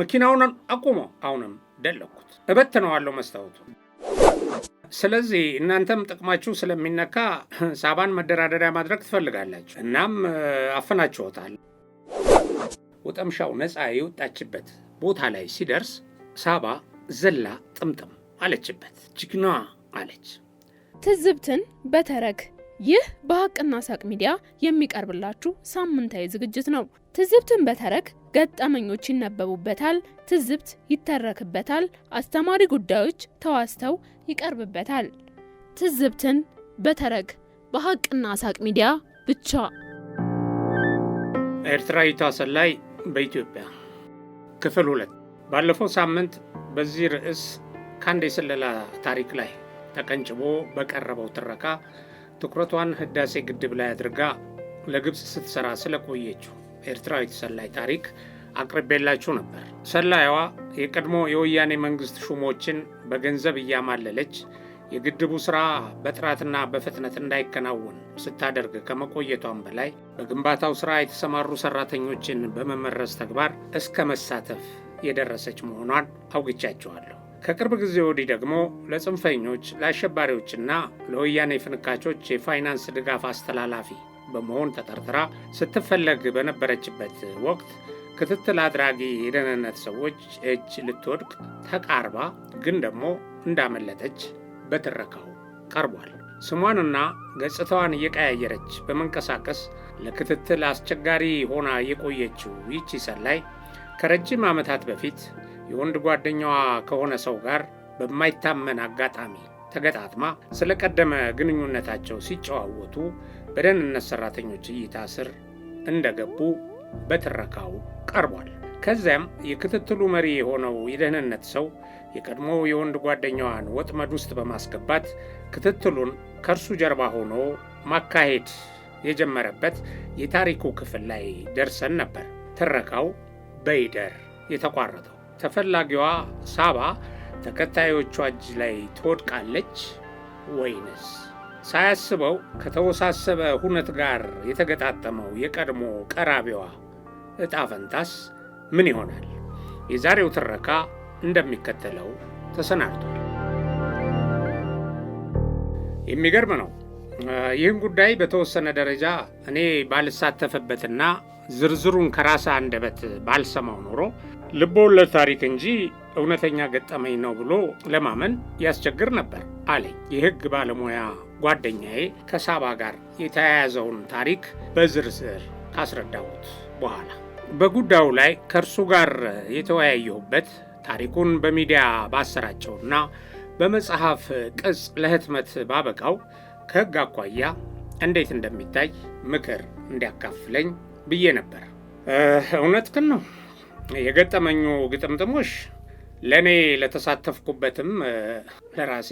መኪናውን አቁሞ አሁንም ደለኩት፣ እበትነዋለሁ መስታወቱ። ስለዚህ እናንተም ጥቅማችሁ ስለሚነካ ሳባን መደራደሪያ ማድረግ ትፈልጋላችሁ። እናም አፍናችሁታል። ወጠምሻው ነፃ የወጣችበት ቦታ ላይ ሲደርስ ሳባ ዘላ ጥምጥም አለችበት። ጅግና አለች። ትዝብትን በተረክ ይህ በሀቅና ሳቅ ሚዲያ የሚቀርብላችሁ ሳምንታዊ ዝግጅት ነው። ትዝብትን በተረክ ገጠመኞች ይነበቡበታል፣ ትዝብት ይተረክበታል፣ አስተማሪ ጉዳዮች ተዋስተው ይቀርብበታል። ትዝብትን በተረክ በሀቅና ሳቅ ሚዲያ ብቻ። ኤርትራዊቷ ሰላይ በኢትዮጵያ ክፍል ሁለት። ባለፈው ሳምንት በዚህ ርዕስ ከአንድ የስለላ ታሪክ ላይ ተቀንጭቦ በቀረበው ትረካ ትኩረቷን ህዳሴ ግድብ ላይ አድርጋ ለግብፅ ስትሰራ ስለቆየችው ኤርትራዊት ሰላይ ታሪክ አቅርቤላችሁ ነበር። ሰላይዋ የቀድሞ የወያኔ መንግስት ሹሞችን በገንዘብ እያማለለች የግድቡ ሥራ በጥራትና በፍጥነት እንዳይከናወን ስታደርግ ከመቆየቷም በላይ በግንባታው ሥራ የተሰማሩ ሠራተኞችን በመመረዝ ተግባር እስከ መሳተፍ የደረሰች መሆኗን አውግቻቸዋለሁ። ከቅርብ ጊዜ ወዲህ ደግሞ ለጽንፈኞች፣ ለአሸባሪዎችና ለወያኔ ፍንካቾች የፋይናንስ ድጋፍ አስተላላፊ በመሆን ተጠርጥራ ስትፈለግ በነበረችበት ወቅት ክትትል አድራጊ የደህንነት ሰዎች እጅ ልትወድቅ ተቃርባ ግን ደግሞ እንዳመለጠች በትረካው ቀርቧል። ስሟንና ገጽታዋን እየቀያየረች በመንቀሳቀስ ለክትትል አስቸጋሪ ሆና የቆየችው ይቺ ሰላይ ከረጅም ዓመታት በፊት የወንድ ጓደኛዋ ከሆነ ሰው ጋር በማይታመን አጋጣሚ ተገጣጥማ ስለ ቀደመ ግንኙነታቸው ሲጨዋወቱ በደህንነት ሰራተኞች እይታ ስር እንደገቡ በትረካው ቀርቧል። ከዚያም የክትትሉ መሪ የሆነው የደህንነት ሰው የቀድሞ የወንድ ጓደኛዋን ወጥመድ ውስጥ በማስገባት ክትትሉን ከእርሱ ጀርባ ሆኖ ማካሄድ የጀመረበት የታሪኩ ክፍል ላይ ደርሰን ነበር። ትረካው በይደር የተቋረጠው ተፈላጊዋ ሳባ ተከታዮቿ እጅ ላይ ትወድቃለች ወይንስ ሳያስበው ከተወሳሰበ ሁነት ጋር የተገጣጠመው የቀድሞ ቀራቢዋ ዕጣ ፈንታስ ምን ይሆናል? የዛሬው ትረካ እንደሚከተለው ተሰናድቷል። የሚገርም ነው። ይህን ጉዳይ በተወሰነ ደረጃ እኔ ባልሳተፍበትና ዝርዝሩን ከራስ አንደበት ባልሰማው ኖሮ ልቦወለድ ታሪክ እንጂ እውነተኛ ገጠመኝ ነው ብሎ ለማመን ያስቸግር ነበር አለኝ የሕግ ባለሙያ ጓደኛዬ ከሳባ ጋር የተያያዘውን ታሪክ በዝርዝር ካስረዳሁት በኋላ በጉዳዩ ላይ ከእርሱ ጋር የተወያየሁበት ታሪኩን በሚዲያ ባሰራጨውና በመጽሐፍ ቅጽ ለህትመት ባበቃው ከሕግ አኳያ እንዴት እንደሚታይ ምክር እንዲያካፍለኝ ብዬ ነበር። እውነት ግን ነው የገጠመኙ ግጥምጥሞሽ ለእኔ ለተሳተፍኩበትም ለራሴ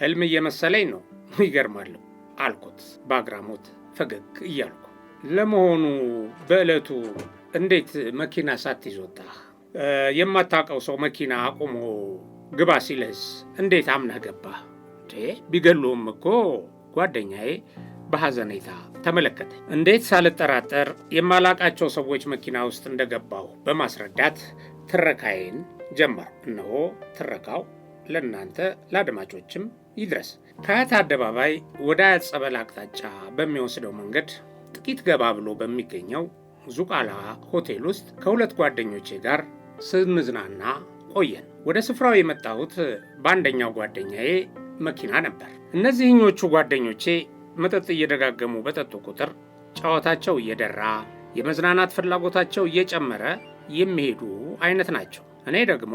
ህልም እየመሰለኝ ነው ይገርማለሁ አልኩት በአግራሞት ፈገግ እያልኩ። ለመሆኑ በዕለቱ እንዴት መኪና ሳትይዝ ወጣህ? የማታውቀው ሰው መኪና አቁሞ ግባ ሲልህስ እንዴት አምነህ ገባህ? ቢገሉም እኮ ጓደኛዬ በሐዘኔታ ተመለከተ። እንዴት ሳልጠራጠር የማላቃቸው ሰዎች መኪና ውስጥ እንደገባሁ በማስረዳት ትረካዬን ጀመር። እነሆ ትረካው ለእናንተ ለአድማጮችም ይድረስ። ከአያት አደባባይ ወደ አያት ጸበል አቅጣጫ በሚወስደው መንገድ ጥቂት ገባ ብሎ በሚገኘው ዙቃላ ሆቴል ውስጥ ከሁለት ጓደኞቼ ጋር ስንዝናና ቆየን። ወደ ስፍራው የመጣሁት በአንደኛው ጓደኛዬ መኪና ነበር። እነዚህኞቹ ጓደኞቼ መጠጥ እየደጋገሙ በጠጡ ቁጥር ጨዋታቸው እየደራ፣ የመዝናናት ፍላጎታቸው እየጨመረ የሚሄዱ አይነት ናቸው። እኔ ደግሞ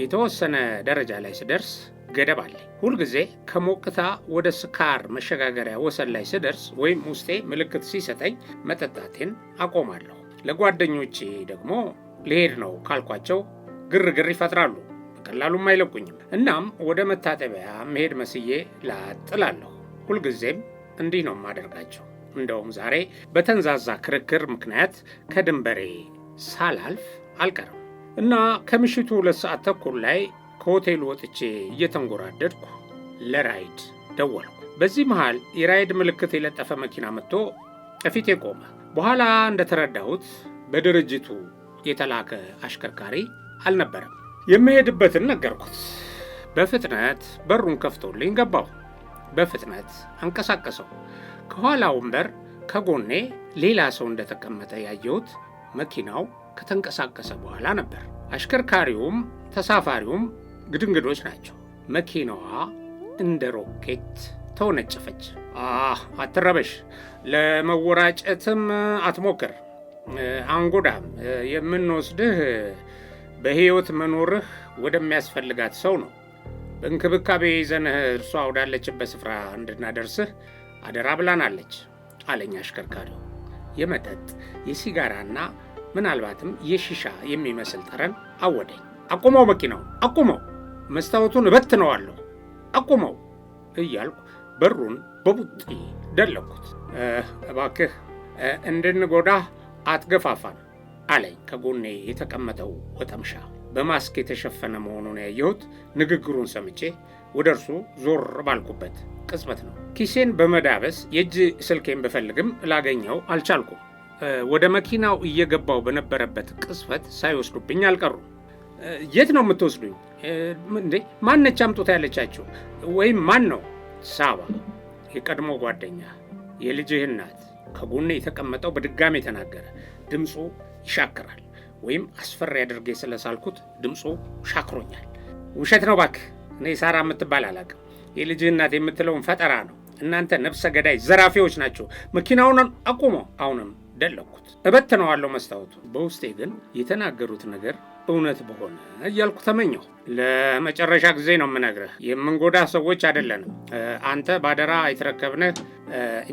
የተወሰነ ደረጃ ላይ ስደርስ ገደብ አለኝ። ሁልጊዜ ከሞቅታ ወደ ስካር መሸጋገሪያ ወሰን ላይ ስደርስ ወይም ውስጤ ምልክት ሲሰጠኝ መጠጣቴን አቆማለሁ። ለጓደኞቼ ደግሞ ልሄድ ነው ካልኳቸው ግርግር ይፈጥራሉ፣ በቀላሉም አይለቁኝም። እናም ወደ መታጠቢያ መሄድ መስዬ ላጥላለሁ። ሁልጊዜም እንዲህ ነው የማደርጋቸው። እንደውም ዛሬ በተንዛዛ ክርክር ምክንያት ከድንበሬ ሳላልፍ አልቀርም። እና ከምሽቱ ሁለት ሰዓት ተኩል ላይ ከሆቴል ወጥቼ እየተንጎራደድኩ ለራይድ ደወልኩ። በዚህ መሃል የራይድ ምልክት የለጠፈ መኪና መጥቶ ከፊቴ ቆመ። በኋላ እንደተረዳሁት በድርጅቱ የተላከ አሽከርካሪ አልነበረም። የምሄድበትን ነገርኩት። በፍጥነት በሩን ከፍቶልኝ ገባሁ። በፍጥነት አንቀሳቀሰው። ከኋላ ወንበር ከጎኔ ሌላ ሰው እንደተቀመጠ ያየሁት መኪናው ከተንቀሳቀሰ በኋላ ነበር። አሽከርካሪውም ተሳፋሪውም ግድንግዶች ናቸው። መኪናዋ እንደ ሮኬት ተወነጨፈች። አህ አትረበሽ፣ ለመወራጨትም አትሞክር፣ አንጎዳም። የምንወስድህ በሕይወት መኖርህ ወደሚያስፈልጋት ሰው ነው። በእንክብካቤ ይዘንህ እርሷ ወዳለችበት ስፍራ እንድናደርስህ አደራ ብላናለች አለኝ አሽከርካሪው። የመጠጥ የሲጋራና ምናልባትም የሺሻ የሚመስል ጠረን አወደኝ። አቁመው መኪናው፣ አቁመው፣ መስታወቱን እበትነዋለሁ፣ አቁመው እያልኩ በሩን በቡጢ ደለኩት። እባክህ እንድንጎዳህ አትገፋፋን አለኝ ከጎኔ የተቀመጠው ወጠምሻ። በማስክ የተሸፈነ መሆኑን ያየሁት ንግግሩን ሰምቼ ወደ እርሱ ዞር ባልኩበት ቅጽበት ነው። ኪሴን በመዳበስ የእጅ ስልኬን ብፈልግም ላገኘው አልቻልኩም። ወደ መኪናው እየገባው በነበረበት ቅስፈት ሳይወስዱብኝ አልቀሩም። የት ነው የምትወስዱኝ? እንዴ ማነች አምጦታ ያለቻችሁ? ወይም ማን ነው? ሳባ፣ የቀድሞ ጓደኛ፣ የልጅህ እናት ከጎኔ የተቀመጠው በድጋሜ ተናገረ። ድምፁ ይሻክራል፣ ወይም አስፈሪ አድርጌ ስለሳልኩት ድምፁ ሻክሮኛል። ውሸት ነው ባክ፣ እኔ ሳራ የምትባል አላቅም። የልጅህ እናት የምትለውን ፈጠራ ነው። እናንተ ነፍሰ ገዳይ ዘራፊዎች ናቸው። መኪናውን አቁሞ አሁንም ደለኩት፣ እበትነዋለሁ መስታወቱ። በውስጤ ግን የተናገሩት ነገር እውነት በሆነ እያልኩ ተመኘሁ። ለመጨረሻ ጊዜ ነው የምነግርህ፣ የምንጎዳ ሰዎች አይደለንም። አንተ ባደራ የተረከብነህ፣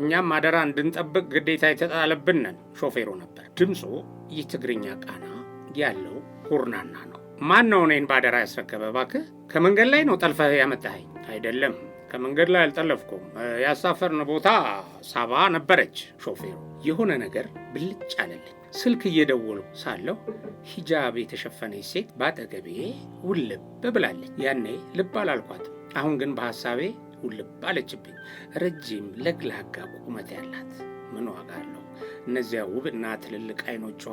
እኛም አደራ እንድንጠብቅ ግዴታ የተጣለብን ነን። ሾፌሩ ነበር። ድምፁ ይህ ትግርኛ ቃና ያለው ሁርናና ነው። ማን ነው እኔን ባደራ ያስረከበ? እባክህ ከመንገድ ላይ ነው ጠልፈህ ያመጣኸኝ? አይደለም ከመንገድ ላይ አልጠለፍኩም። ያሳፈርን ቦታ ሳባ ነበረች። ሾፌሩ የሆነ ነገር ብልጭ አለልኝ። ስልክ እየደወሉ ሳለሁ ሂጃብ የተሸፈነች ሴት በአጠገቤ ውልብ ብላለች። ያኔ ልብ አላልኳትም። አሁን ግን በሐሳቤ ውልብ አለችብኝ። ረጅም ለግላጋ ቁመት ያላት ምን ዋጋ አለው? እነዚያ ውብና ትልልቅ አይኖቿ፣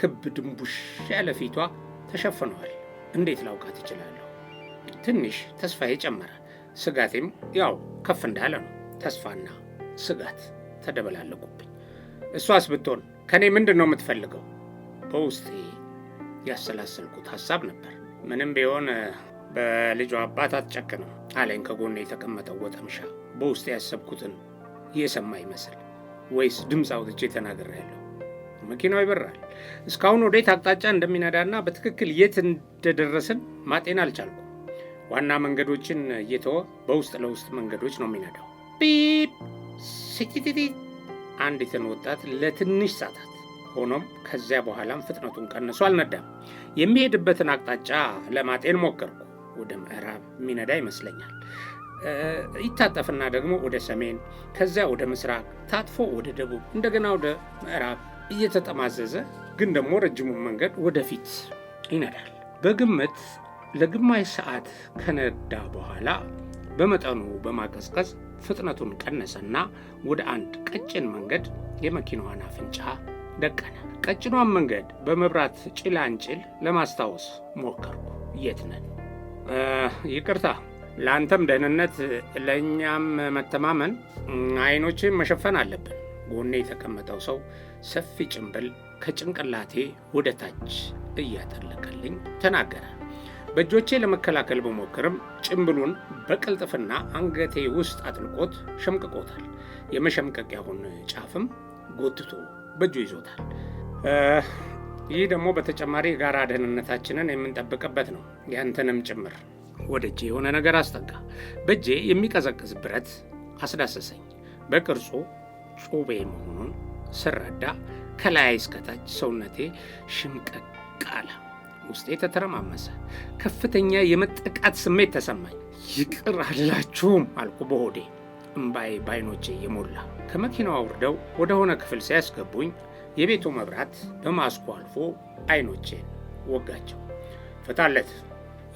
ክብ ድንቡሽ ያለ ፊቷ ተሸፍነዋል። እንዴት ላውቃት እችላለሁ? ትንሽ ተስፋዬ ጨመረ። ስጋቴም ያው ከፍ እንዳለ ነው። ተስፋና ስጋት ተደበላለቁብኝ። እሷስ ብትሆን ከእኔ ምንድን ነው የምትፈልገው? በውስጤ ያሰላሰልኩት ሐሳብ ነበር። ምንም ቢሆን በልጇ አባት አትጨክንም አለኝ ከጎን የተቀመጠው ወጠምሻ። በውስጤ ያሰብኩትን እየሰማ ይመስል ወይስ ድምፅ አውጥቼ ተናግሬያለሁ? መኪናው ይበራል። እስካሁን ወዴት አቅጣጫ እንደሚነዳና በትክክል የት እንደደረስን ማጤን አልቻልኩ ዋና መንገዶችን እየተወ በውስጥ ለውስጥ መንገዶች ነው የሚነዳው። ፒፕ አንዲትን ወጣት ለትንሽ ሰዓታት ሆኖም ከዚያ በኋላም ፍጥነቱን ቀንሶ አልነዳም። የሚሄድበትን አቅጣጫ ለማጤን ሞከርኩ። ወደ ምዕራብ የሚነዳ ይመስለኛል። ይታጠፍና ደግሞ ወደ ሰሜን፣ ከዚያ ወደ ምስራቅ፣ ታጥፎ ወደ ደቡብ፣ እንደገና ወደ ምዕራብ እየተጠማዘዘ ግን ደግሞ ረጅሙን መንገድ ወደፊት ይነዳል። በግምት ለግማሽ ሰዓት ከነዳ በኋላ በመጠኑ በማቀዝቀዝ ፍጥነቱን ቀነሰና ወደ አንድ ቀጭን መንገድ የመኪናዋን አፍንጫ ደቀነ። ቀጭኗን መንገድ በመብራት ጭላንጭል ለማስታወስ ሞከርኩ። የት ነን? ይቅርታ፣ ለአንተም ደህንነት ለእኛም መተማመን አይኖችን መሸፈን አለብን። ጎኔ የተቀመጠው ሰው ሰፊ ጭንብል ከጭንቅላቴ ወደ ታች እያጠለቀልኝ ተናገረ። በእጆቼ ለመከላከል ብሞክርም ጭምብሉን በቅልጥፍና አንገቴ ውስጥ አጥልቆት ሸምቅቆታል። የመሸምቀቂያውን ጫፍም ጎትቶ በእጁ ይዞታል። ይህ ደግሞ በተጨማሪ የጋራ ደህንነታችንን የምንጠብቅበት ነው፣ ያንተንም ጭምር። ወደ እጄ የሆነ ነገር አስጠጋ። በእጄ የሚቀዘቅዝ ብረት አስዳሰሰኝ። በቅርጹ ጩቤ መሆኑን ስረዳ ከላይ እስከታች ሰውነቴ ሽምቀቅ አለ። ውስጤ ተተረማመሰ። ከፍተኛ የመጠቃት ስሜት ተሰማኝ። ይቅር አላችሁም አልኩ በሆዴ እምባዬ ባይኖቼ የሞላ። ከመኪናው አውርደው ወደ ሆነ ክፍል ሲያስገቡኝ የቤቱ መብራት በማስኩ አልፎ አይኖቼን ወጋቸው። ፈታለት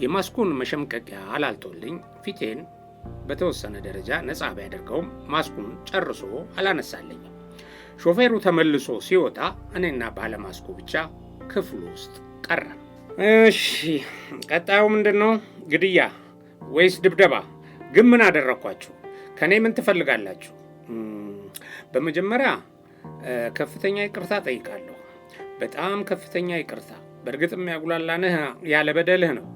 የማስኩን መሸምቀቂያ አላልቶልኝ ፊቴን በተወሰነ ደረጃ ነጻ ቢያደርገውም ማስኩን ጨርሶ አላነሳለኝም። ሾፌሩ ተመልሶ ሲወጣ እኔና ባለማስኩ ብቻ ክፍሉ ውስጥ ቀረ። እሺ ቀጣዩ ምንድን ነው? ግድያ ወይስ ድብደባ? ግን ምን አደረግኳችሁ? ከእኔ ምን ትፈልጋላችሁ? በመጀመሪያ ከፍተኛ ይቅርታ ጠይቃለሁ። በጣም ከፍተኛ ይቅርታ። በእርግጥም ያጉላላንህ ያለበደልህ ነው።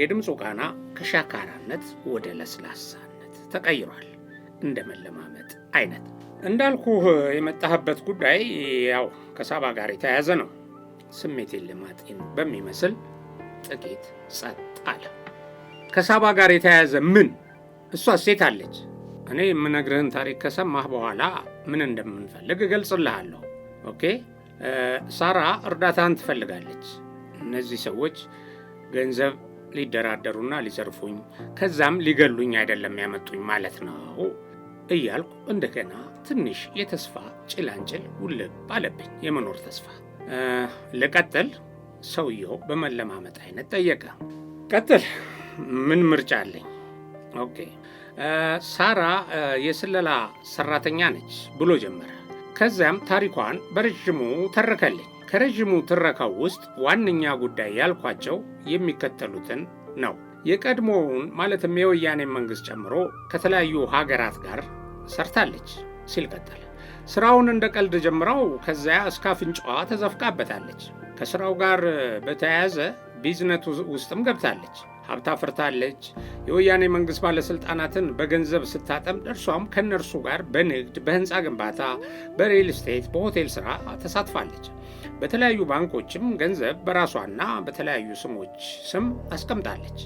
የድምፁ ቃና ከሻካራነት ወደ ለስላሳነት ተቀይሯል። እንደ መለማመጥ አይነት እንዳልኩህ የመጣህበት ጉዳይ ያው ከሳባ ጋር የተያያዘ ነው። ስሜቴን ለማጤን በሚመስል ጥቂት ጸጥ አለ። ከሳባ ጋር የተያያዘ ምን? እሷ ሴት አለች። እኔ የምነግርህን ታሪክ ከሰማህ በኋላ ምን እንደምንፈልግ እገልጽልሃለሁ። ኦኬ። ሳራ እርዳታን ትፈልጋለች። እነዚህ ሰዎች ገንዘብ ሊደራደሩና ሊዘርፉኝ ከዛም ሊገሉኝ አይደለም ያመጡኝ ማለት ነው እያልኩ እንደገና ትንሽ የተስፋ ጭላንጭል ውልብ አለብኝ። የመኖር ተስፋ ልቀጥል? ሰውየው በመለማመጥ አይነት ጠየቀ። ቀጥል፣ ምን ምርጫ አለኝ? ኦኬ ሳራ የስለላ ሰራተኛ ነች ብሎ ጀመረ። ከዚያም ታሪኳን በረዥሙ ተረከልኝ። ከረዥሙ ትረካው ውስጥ ዋነኛ ጉዳይ ያልኳቸው የሚከተሉትን ነው። የቀድሞውን ማለትም የወያኔ መንግስት ጨምሮ ከተለያዩ ሀገራት ጋር ሰርታለች ሲል ቀጠለ። ስራውን እንደ ቀልድ ጀምረው ከዚያ እስከ አፍንጫዋ ተዘፍቃበታለች። ከስራው ጋር በተያያዘ ቢዝነት ውስጥም ገብታለች። ሀብታ ፍርታለች። የወያኔ መንግስት ባለስልጣናትን በገንዘብ ስታጠም እርሷም ከነርሱ ጋር በንግድ በህንፃ ግንባታ፣ በሪል ስቴት፣ በሆቴል ስራ ተሳትፋለች። በተለያዩ ባንኮችም ገንዘብ በራሷና በተለያዩ ስሞች ስም አስቀምጣለች።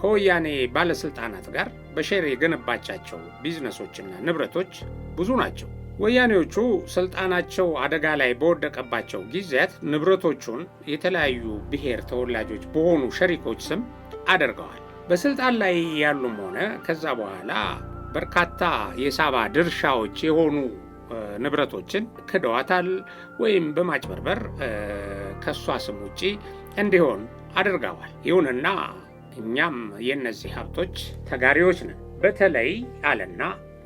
ከወያኔ ባለስልጣናት ጋር በሼር የገነባቻቸው ቢዝነሶችና ንብረቶች ብዙ ናቸው። ወያኔዎቹ ስልጣናቸው አደጋ ላይ በወደቀባቸው ጊዜያት ንብረቶቹን የተለያዩ ብሔር ተወላጆች በሆኑ ሸሪኮች ስም አድርገዋል። በስልጣን ላይ ያሉም ሆነ ከዛ በኋላ በርካታ የሳባ ድርሻዎች የሆኑ ንብረቶችን ክደዋታል ወይም በማጭበርበር ከእሷ ስም ውጪ እንዲሆን አድርገዋል። ይሁንና እኛም የእነዚህ ሀብቶች ተጋሪዎች ነን በተለይ አለና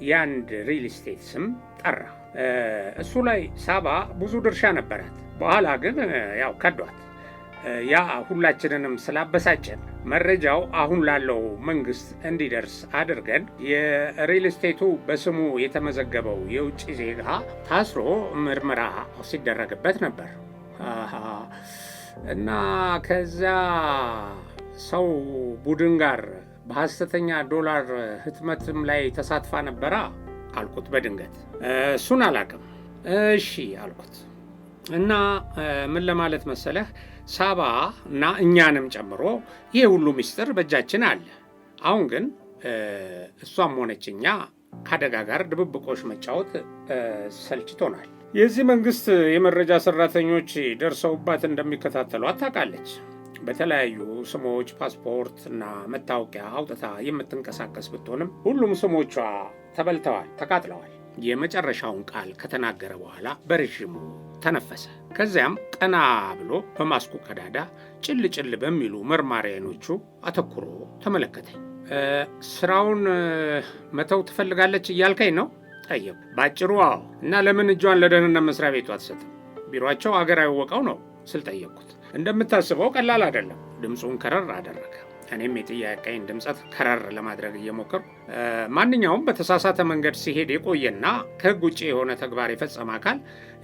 የአንድ ሪል ስቴት ስም ጠራ። እሱ ላይ ሳባ ብዙ ድርሻ ነበራት። በኋላ ግን ያው ከዷት። ያ ሁላችንንም ስላበሳጨን መረጃው አሁን ላለው መንግስት እንዲደርስ አድርገን የሪል ስቴቱ በስሙ የተመዘገበው የውጭ ዜጋ ታስሮ ምርመራ ሲደረግበት ነበር እና ከዛ ሰው ቡድን ጋር በሐሰተኛ ዶላር ህትመትም ላይ ተሳትፋ ነበራ አልኩት በድንገት። እሱን አላቅም። እሺ አልኩት እና ምን ለማለት መሰለህ ሳባ እና እኛንም ጨምሮ ይሄ ሁሉ ምስጢር በእጃችን አለ። አሁን ግን እሷም ሆነች እኛ ከአደጋ ጋር ድብብቆች መጫወት ሰልችቶናል። የዚህ መንግስት የመረጃ ሰራተኞች ደርሰውባት እንደሚከታተሏት ታውቃለች። በተለያዩ ስሞች ፓስፖርት እና መታወቂያ አውጥታ የምትንቀሳቀስ ብትሆንም ሁሉም ስሞቿ ተበልተዋል፣ ተቃጥለዋል። የመጨረሻውን ቃል ከተናገረ በኋላ በረዥሙ ተነፈሰ። ከዚያም ቀና ብሎ በማስኩ ቀዳዳ ጭል ጭል በሚሉ መርማሪ አይኖቹ አተኩሮ ተመለከተኝ። ስራውን መተው ትፈልጋለች እያልከኝ ነው? ጠየቁ። ባጭሩ አዎ። እና ለምን እጇን ለደህንነት መስሪያ ቤቱ አትሰጥም? ቢሮቸው አገር ወቀው ነው ስል ጠየቅኩት። እንደምታስበው ቀላል አይደለም። ድምፁን ከረር አደረገ። እኔም የጥያቄን ድምፀት ከረር ለማድረግ እየሞከርኩ ማንኛውም በተሳሳተ መንገድ ሲሄድ የቆየና ከህግ ውጭ የሆነ ተግባር የፈጸመ አካል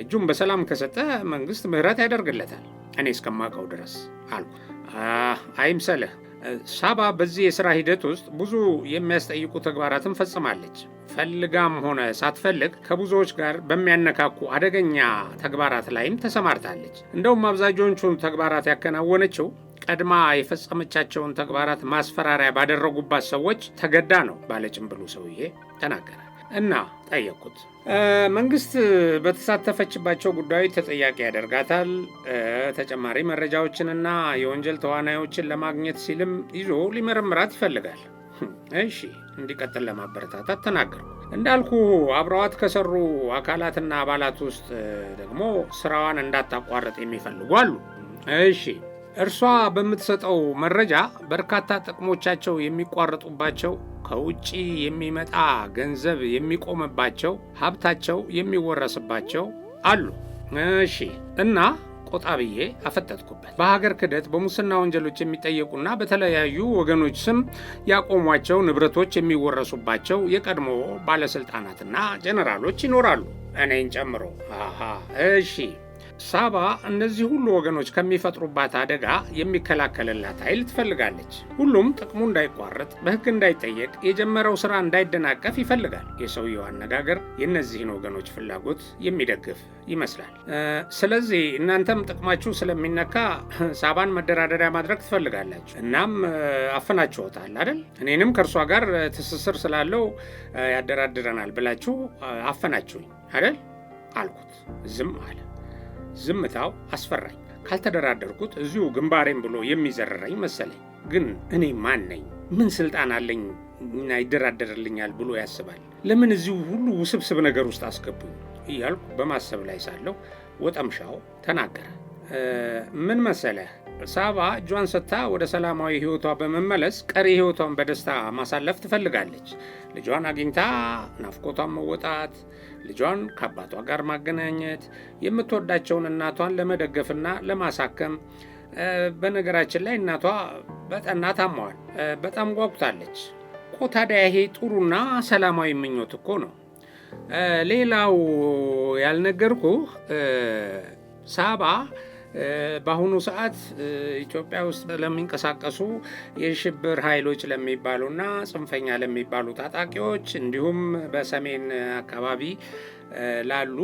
እጁን በሰላም ከሰጠ መንግስት ምህረት ያደርግለታል እኔ እስከማውቀው ድረስ አልኩ። አይምሰልህ ሳባ በዚህ የሥራ ሂደት ውስጥ ብዙ የሚያስጠይቁ ተግባራትን ፈጽማለች። ፈልጋም ሆነ ሳትፈልግ ከብዙዎች ጋር በሚያነካኩ አደገኛ ተግባራት ላይም ተሰማርታለች። እንደውም አብዛኞቹን ተግባራት ያከናወነችው ቀድማ የፈጸመቻቸውን ተግባራት ማስፈራሪያ ባደረጉባት ሰዎች ተገዳ ነው ባለጭምብሉ ሰውዬ ተናገረ። እና ጠየቅኩት። መንግስት በተሳተፈችባቸው ጉዳዮች ተጠያቂ ያደርጋታል። ተጨማሪ መረጃዎችንና የወንጀል ተዋናዮችን ለማግኘት ሲልም ይዞ ሊመረምራት ይፈልጋል። እሺ፣ እንዲቀጥል ለማበረታታት ተናገርኩ። እንዳልኩ አብረዋት ከሰሩ አካላትና አባላት ውስጥ ደግሞ ስራዋን እንዳታቋረጥ የሚፈልጉ አሉ። እሺ እርሷ በምትሰጠው መረጃ በርካታ ጥቅሞቻቸው የሚቋረጡባቸው፣ ከውጭ የሚመጣ ገንዘብ የሚቆምባቸው፣ ሀብታቸው የሚወረስባቸው አሉ። እሺ እና ቆጣ ብዬ አፈጠጥኩበት። በሀገር ክህደት፣ በሙስና ወንጀሎች የሚጠየቁና በተለያዩ ወገኖች ስም ያቆሟቸው ንብረቶች የሚወረሱባቸው የቀድሞ ባለስልጣናትና ጀኔራሎች ይኖራሉ፣ እኔን ጨምሮ። እሺ ሳባ እነዚህ ሁሉ ወገኖች ከሚፈጥሩባት አደጋ የሚከላከልላት ኃይል ትፈልጋለች። ሁሉም ጥቅሙ እንዳይቋረጥ፣ በሕግ እንዳይጠየቅ፣ የጀመረው ሥራ እንዳይደናቀፍ ይፈልጋል። የሰውየው አነጋገር የእነዚህን ወገኖች ፍላጎት የሚደግፍ ይመስላል። ስለዚህ እናንተም ጥቅማችሁ ስለሚነካ ሳባን መደራደሪያ ማድረግ ትፈልጋላችሁ። እናም አፈናችሁታል አይደል? እኔንም ከእርሷ ጋር ትስስር ስላለው ያደራድረናል ብላችሁ አፈናችሁኝ አይደል? አልኩት። ዝም አለ። ዝምታው አስፈራኝ። ካልተደራደርኩት እዚሁ ግንባሬም ብሎ የሚዘረረኝ መሰለኝ። ግን እኔ ማን ነኝ? ምን ስልጣን አለኝ እና ይደራደርልኛል ብሎ ያስባል? ለምን እዚሁ ሁሉ ውስብስብ ነገር ውስጥ አስገቡኝ? እያልኩ በማሰብ ላይ ሳለሁ ወጠምሻው ተናገረ። ምን መሰለህ ሳባ እጇን ሰጥታ ወደ ሰላማዊ ሕይወቷ በመመለስ ቀሪ ሕይወቷን በደስታ ማሳለፍ ትፈልጋለች። ልጇን አግኝታ ናፍቆቷን መወጣት ልጇን ከአባቷ ጋር ማገናኘት፣ የምትወዳቸውን እናቷን ለመደገፍና ለማሳከም። በነገራችን ላይ እናቷ በጠና ታማዋል። በጣም ጓጉታለች ታዲያ ይሄ ጥሩና ሰላማዊ ምኞት እኮ ነው። ሌላው ያልነገርኩህ ሳባ በአሁኑ ሰዓት ኢትዮጵያ ውስጥ ለሚንቀሳቀሱ የሽብር ኃይሎች ለሚባሉና ጽንፈኛ ለሚባሉ ታጣቂዎች እንዲሁም በሰሜን አካባቢ ላሉ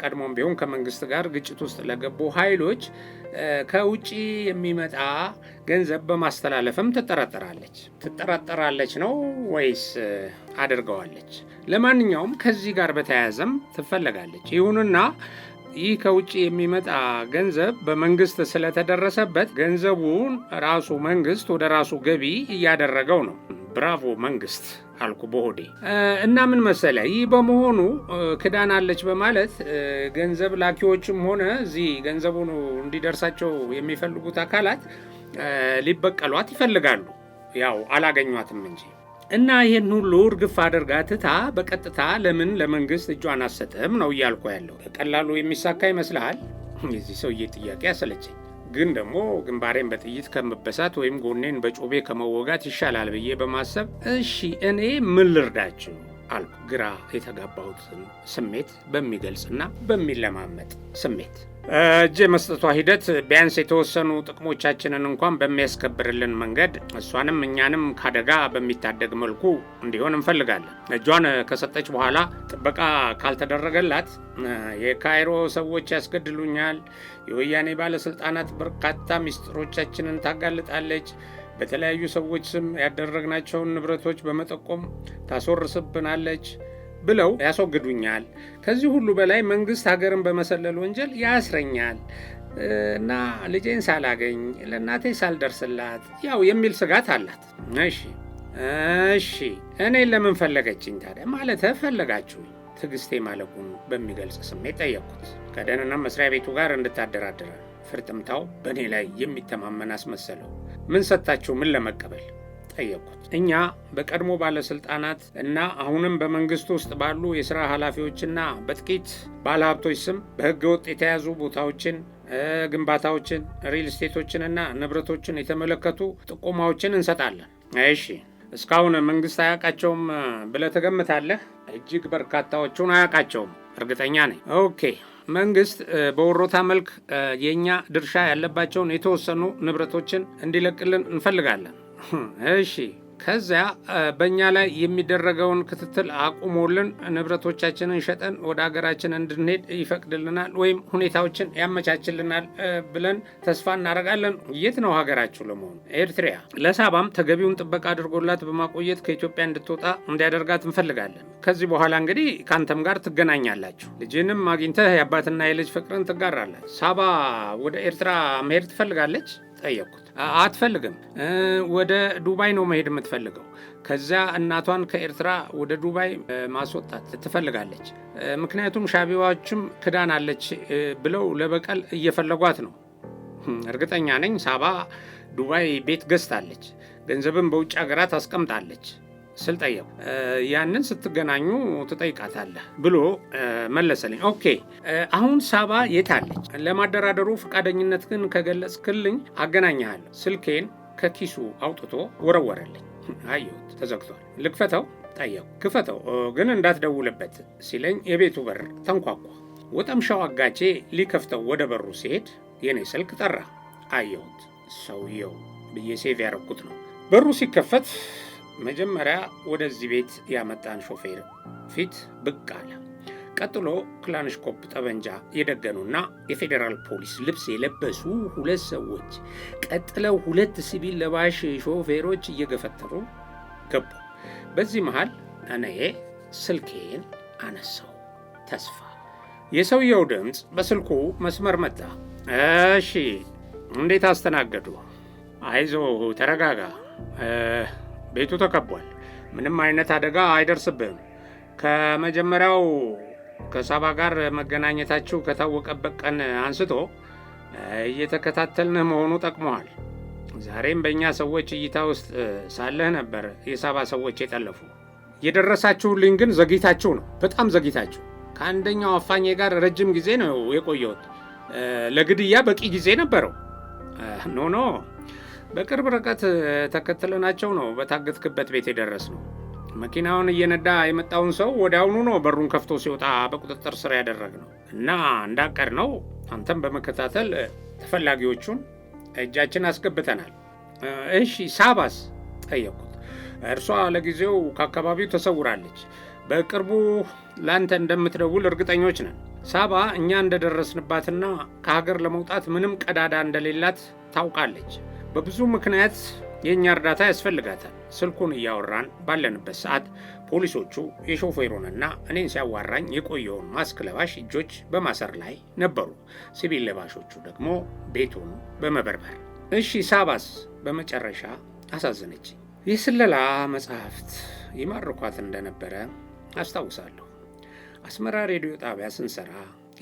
ቀድሞም ቢሆን ከመንግስት ጋር ግጭት ውስጥ ለገቡ ኃይሎች ከውጭ የሚመጣ ገንዘብ በማስተላለፍም ትጠረጠራለች። ትጠረጠራለች ነው ወይስ አድርገዋለች? ለማንኛውም ከዚህ ጋር በተያያዘም ትፈለጋለች። ይሁንና ይህ ከውጭ የሚመጣ ገንዘብ በመንግስት ስለተደረሰበት ገንዘቡን ራሱ መንግስት ወደ ራሱ ገቢ እያደረገው ነው። ብራቮ መንግስት አልኩ በሆዴ እና ምን መሰለ፣ ይህ በመሆኑ ክዳን አለች በማለት ገንዘብ ላኪዎችም ሆነ እዚህ ገንዘቡን እንዲደርሳቸው የሚፈልጉት አካላት ሊበቀሏት ይፈልጋሉ። ያው አላገኟትም እንጂ እና ይህን ሁሉ እርግፍ አድርጋ ትታ በቀጥታ ለምን ለመንግስት እጇን አትሰጥም ነው እያልኩ ያለው። በቀላሉ የሚሳካ ይመስልሃል? የዚህ ሰውዬ ጥያቄ አሰለቸኝ። ግን ደግሞ ግንባሬን በጥይት ከመበሳት ወይም ጎኔን በጩቤ ከመወጋት ይሻላል ብዬ በማሰብ እሺ እኔ ምን ልርዳችሁ አልኩ፣ ግራ የተጋባሁትን ስሜት በሚገልጽና በሚለማመጥ ስሜት እጅ የመስጠቷ ሂደት ቢያንስ የተወሰኑ ጥቅሞቻችንን እንኳን በሚያስከብርልን መንገድ እሷንም እኛንም ካደጋ በሚታደግ መልኩ እንዲሆን እንፈልጋለን። እጇን ከሰጠች በኋላ ጥበቃ ካልተደረገላት የካይሮ ሰዎች ያስገድሉኛል፣ የወያኔ ባለስልጣናት በርካታ ሚስጥሮቻችንን ታጋልጣለች በተለያዩ ሰዎች ስም ያደረግናቸውን ንብረቶች በመጠቆም ታስወርስብናለች ብለው ያስወግዱኛል። ከዚህ ሁሉ በላይ መንግስት ሀገርን በመሰለል ወንጀል ያስረኛል እና ልጄን ሳላገኝ ለእናቴ ሳልደርስላት ያው የሚል ስጋት አላት። እሺ እሺ፣ እኔን ለምን ፈለገችኝ ታዲያ? ማለት ፈለጋችሁኝ? ትዕግስቴ ማለቁን በሚገልጽ ስሜት ጠየቅኩት። ከደህንነት መስሪያ ቤቱ ጋር እንድታደራድረ። ፍርጥምታው በእኔ ላይ የሚተማመን አስመሰለው። ምን ሰጥታችሁ ምን ለመቀበል ጠየቅኩት። እኛ በቀድሞ ባለስልጣናት እና አሁንም በመንግስት ውስጥ ባሉ የሥራ ኃላፊዎችና በጥቂት ባለሀብቶች ስም በሕገ ወጥ የተያዙ ቦታዎችን፣ ግንባታዎችን፣ ሪል ስቴቶችንና ንብረቶችን የተመለከቱ ጥቆማዎችን እንሰጣለን። እሺ፣ እስካሁን መንግስት አያውቃቸውም ብለህ ትገምታለህ? እጅግ በርካታዎቹን አያውቃቸውም፣ እርግጠኛ ነኝ። ኦኬ መንግስት በወሮታ መልክ የእኛ ድርሻ ያለባቸውን የተወሰኑ ንብረቶችን እንዲለቅልን እንፈልጋለን። እሺ ከዚያ በእኛ ላይ የሚደረገውን ክትትል አቁሞልን ንብረቶቻችንን ሸጠን ወደ ሀገራችን እንድንሄድ ይፈቅድልናል ወይም ሁኔታዎችን ያመቻችልናል ብለን ተስፋ እናደርጋለን። የት ነው ሀገራችሁ ለመሆኑ? ኤርትሪያ ለሳባም ተገቢውን ጥበቃ አድርጎላት በማቆየት ከኢትዮጵያ እንድትወጣ እንዲያደርጋት እንፈልጋለን። ከዚህ በኋላ እንግዲህ ከአንተም ጋር ትገናኛላችሁ። ልጅንም አግኝተህ የአባትና የልጅ ፍቅርን ትጋራለን። ሳባ ወደ ኤርትራ መሄድ ትፈልጋለች? ጠየቅኩት። አትፈልግም። ወደ ዱባይ ነው መሄድ የምትፈልገው። ከዚያ እናቷን ከኤርትራ ወደ ዱባይ ማስወጣት ትፈልጋለች። ምክንያቱም ሻቢዋችም ክዳን አለች ብለው ለበቀል እየፈለጓት ነው። እርግጠኛ ነኝ ሳባ ዱባይ ቤት ገዝታለች፣ ገንዘብን በውጭ ሀገራት አስቀምጣለች። ጠየቁ። ያንን ስትገናኙ ትጠይቃታለህ ብሎ መለሰልኝ። ኦኬ አሁን ሳባ የት አለች? ለማደራደሩ ፈቃደኝነት ግን ከገለጽክልኝ አገናኝሃለሁ። ስልኬን ከኪሱ አውጥቶ ወረወረልኝ። አየሁት፣ ተዘግቷል። ልክፈተው? ጠየቁ። ክፈተው ግን እንዳትደውልበት ሲለኝ የቤቱ በር ተንኳኳ። ወጠምሻው አጋቼ ሊከፍተው ወደ በሩ ሲሄድ የኔ ስልክ ጠራ። አየሁት። ሰውየው ብዬ ሴቭ ያረኩት ነው። በሩ ሲከፈት መጀመሪያ ወደዚህ ቤት ያመጣን ሾፌር ፊት ብቅ አለ። ቀጥሎ ክላንሽኮፕ ጠመንጃ የደገኑና የፌዴራል ፖሊስ ልብስ የለበሱ ሁለት ሰዎች፣ ቀጥለው ሁለት ሲቪል ለባሽ ሾፌሮች እየገፈተሩ ገቡ። በዚህ መሃል እኔ ስልኬን አነሳው። ተስፋ የሰውየው ድምፅ በስልኩ መስመር መጣ። እሺ፣ እንዴት አስተናገዱ? አይዞ፣ ተረጋጋ ቤቱ ተከቧል። ምንም አይነት አደጋ አይደርስብህም። ከመጀመሪያው ከሳባ ጋር መገናኘታችሁ ከታወቀበት ቀን አንስቶ እየተከታተልንህ መሆኑ ጠቅመዋል። ዛሬም በእኛ ሰዎች እይታ ውስጥ ሳለህ ነበር የሳባ ሰዎች የጠለፉ። የደረሳችሁልኝ ግን ዘግይታችሁ ነው፣ በጣም ዘግይታችሁ። ከአንደኛው አፋኜ ጋር ረጅም ጊዜ ነው የቆየሁት። ለግድያ በቂ ጊዜ ነበረው። ኖ ኖ በቅርብ ርቀት ተከትለናቸው ነው በታገትክበት ቤት የደረስ ነው። መኪናውን እየነዳ የመጣውን ሰው ወዲያውኑ ነው በሩን ከፍቶ ሲወጣ በቁጥጥር ስር ነው። እና እንዳቀድ ነው አንተም በመከታተል ተፈላጊዎቹን እጃችን አስገብተናል። እሺ ሳባስ ጠየቁት። እርሷ ለጊዜው ከአካባቢው ተሰውራለች። በቅርቡ ለአንተ እንደምትደውል እርግጠኞች ነን። ሳባ እኛ እንደደረስንባትና ከሀገር ለመውጣት ምንም ቀዳዳ እንደሌላት ታውቃለች። በብዙ ምክንያት የእኛ እርዳታ ያስፈልጋታል። ስልኩን እያወራን ባለንበት ሰዓት ፖሊሶቹ የሾፌሩንና እኔን ሲያዋራኝ የቆየውን ማስክ ለባሽ እጆች በማሰር ላይ ነበሩ። ሲቪል ለባሾቹ ደግሞ ቤቱን በመበርበር እሺ፣ ሳባስ በመጨረሻ አሳዘነች። የስለላ መጽሐፍት ይማርኳት እንደነበረ አስታውሳለሁ። አስመራ ሬዲዮ ጣቢያ ስንሰራ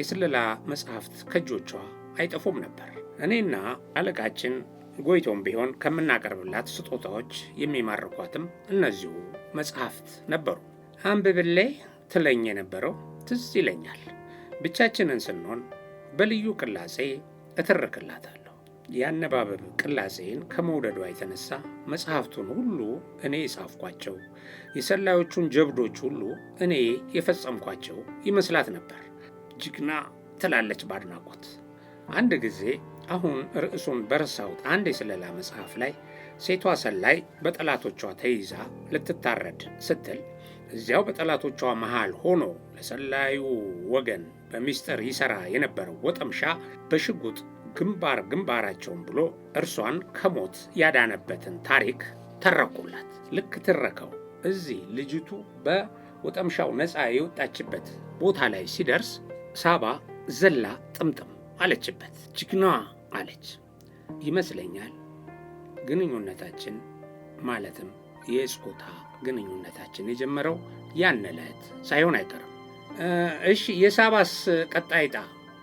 የስለላ መጽሐፍት ከእጆቿ አይጠፉም ነበር። እኔና አለቃችን ጎይቶም ቢሆን ከምናቀርብላት ስጦታዎች የሚማርኳትም እነዚሁ መጽሐፍት ነበሩ። አንብብሌ ትለኝ የነበረው ትዝ ይለኛል። ብቻችንን ስንሆን በልዩ ቅላጼ እትርክላታለሁ። የአነባበብ ቅላጼን ከመውደዷ የተነሳ መጽሐፍቱን ሁሉ እኔ የጻፍኳቸው፣ የሰላዮቹን ጀብዶች ሁሉ እኔ የፈጸምኳቸው ይመስላት ነበር። ጅግና ትላለች ባድናቆት አንድ ጊዜ አሁን ርዕሱን በረሳሁት አንድ የስለላ መጽሐፍ ላይ ሴቷ ሰላይ በጠላቶቿ ተይዛ ልትታረድ ስትል እዚያው በጠላቶቿ መሃል ሆኖ ለሰላዩ ወገን በሚስጥር ይሠራ የነበረው ወጠምሻ በሽጉጥ ግንባር ግንባራቸውን ብሎ እርሷን ከሞት ያዳነበትን ታሪክ ተረኩላት። ልክ ትረከው እዚህ ልጅቱ በወጠምሻው ነፃ የወጣችበት ቦታ ላይ ሲደርስ ሳባ ዘላ ጥምጥም አለችበት። ጀግናዋ አለች። ይመስለኛል ግንኙነታችን ማለትም የስጦታ ግንኙነታችን የጀመረው ያን ዕለት ሳይሆን አይቀርም። እሺ የሳባስ ቀጣይ ዕጣ?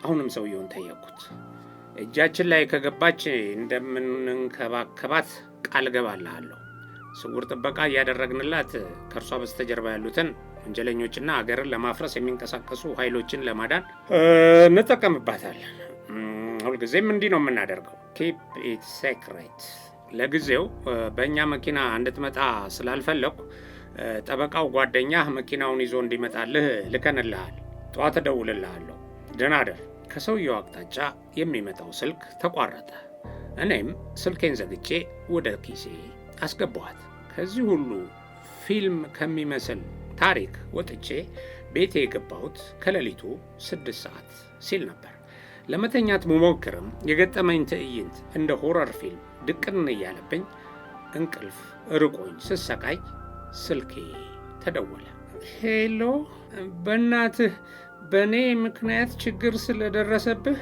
አሁንም ሰውየውን ጠየቁት። እጃችን ላይ ከገባች እንደምንንከባከባት ቃል ገባልሃለሁ። ስውር ጥበቃ እያደረግንላት ከእርሷ በስተጀርባ ያሉትን ወንጀለኞችና ሀገርን ለማፍረስ የሚንቀሳቀሱ ኃይሎችን ለማዳን እንጠቀምባታል። ሁልጊዜም እንዲህ ነው የምናደርገው። ኪፕ ኢት ሴክሬት። ለጊዜው በእኛ መኪና እንድትመጣ ስላልፈለኩ ጠበቃው ጓደኛህ መኪናውን ይዞ እንዲመጣልህ ልከንልሃል። ጠዋት እደውልልሃለሁ። ደህና ከሰውየው አቅጣጫ የሚመጣው ስልክ ተቋረጠ። እኔም ስልኬን ዘግቼ ወደ ኪሴ አስገባኋት። ከዚህ ሁሉ ፊልም ከሚመስል ታሪክ ወጥቼ ቤቴ የገባሁት ከሌሊቱ ስድስት ሰዓት ሲል ነበር። ለመተኛት መሞክርም የገጠመኝ ትዕይንት እንደ ሆረር ፊልም ድቅን እያለብኝ እንቅልፍ ርቆኝ ስሰቃይ ስልኬ ተደወለ። ሄሎ፣ በእናትህ በእኔ ምክንያት ችግር ስለደረሰብህ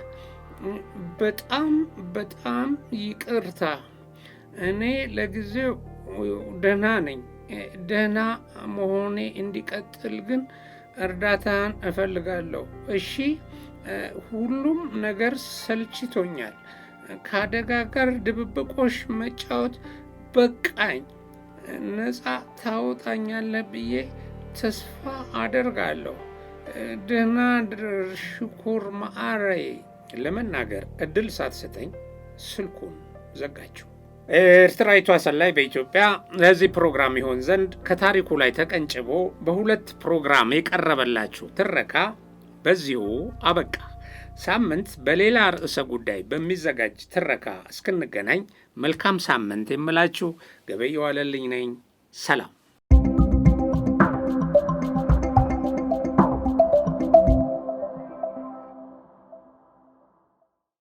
በጣም በጣም ይቅርታ። እኔ ለጊዜው ደህና ነኝ ደህና መሆኔ እንዲቀጥል ግን እርዳታን እፈልጋለሁ። እሺ፣ ሁሉም ነገር ሰልችቶኛል። ከአደጋ ጋር ድብብቆሽ መጫወት በቃኝ። ነፃ ታወጣኛለህ ብዬ ተስፋ አደርጋለሁ። ደህና ድር ሽኩር ማዕረዬ። ለመናገር እድል ሳትሰጠኝ ስልኩን ዘጋችው። ኤርትራዊቷ ሰላይ በኢትዮጵያ ለዚህ ፕሮግራም ይሆን ዘንድ ከታሪኩ ላይ ተቀንጭቦ በሁለት ፕሮግራም የቀረበላችሁ ትረካ በዚሁ አበቃ። ሳምንት በሌላ ርዕሰ ጉዳይ በሚዘጋጅ ትረካ እስክንገናኝ መልካም ሳምንት የምላችሁ ገበየሁ አለልኝ ነኝ። ሰላም።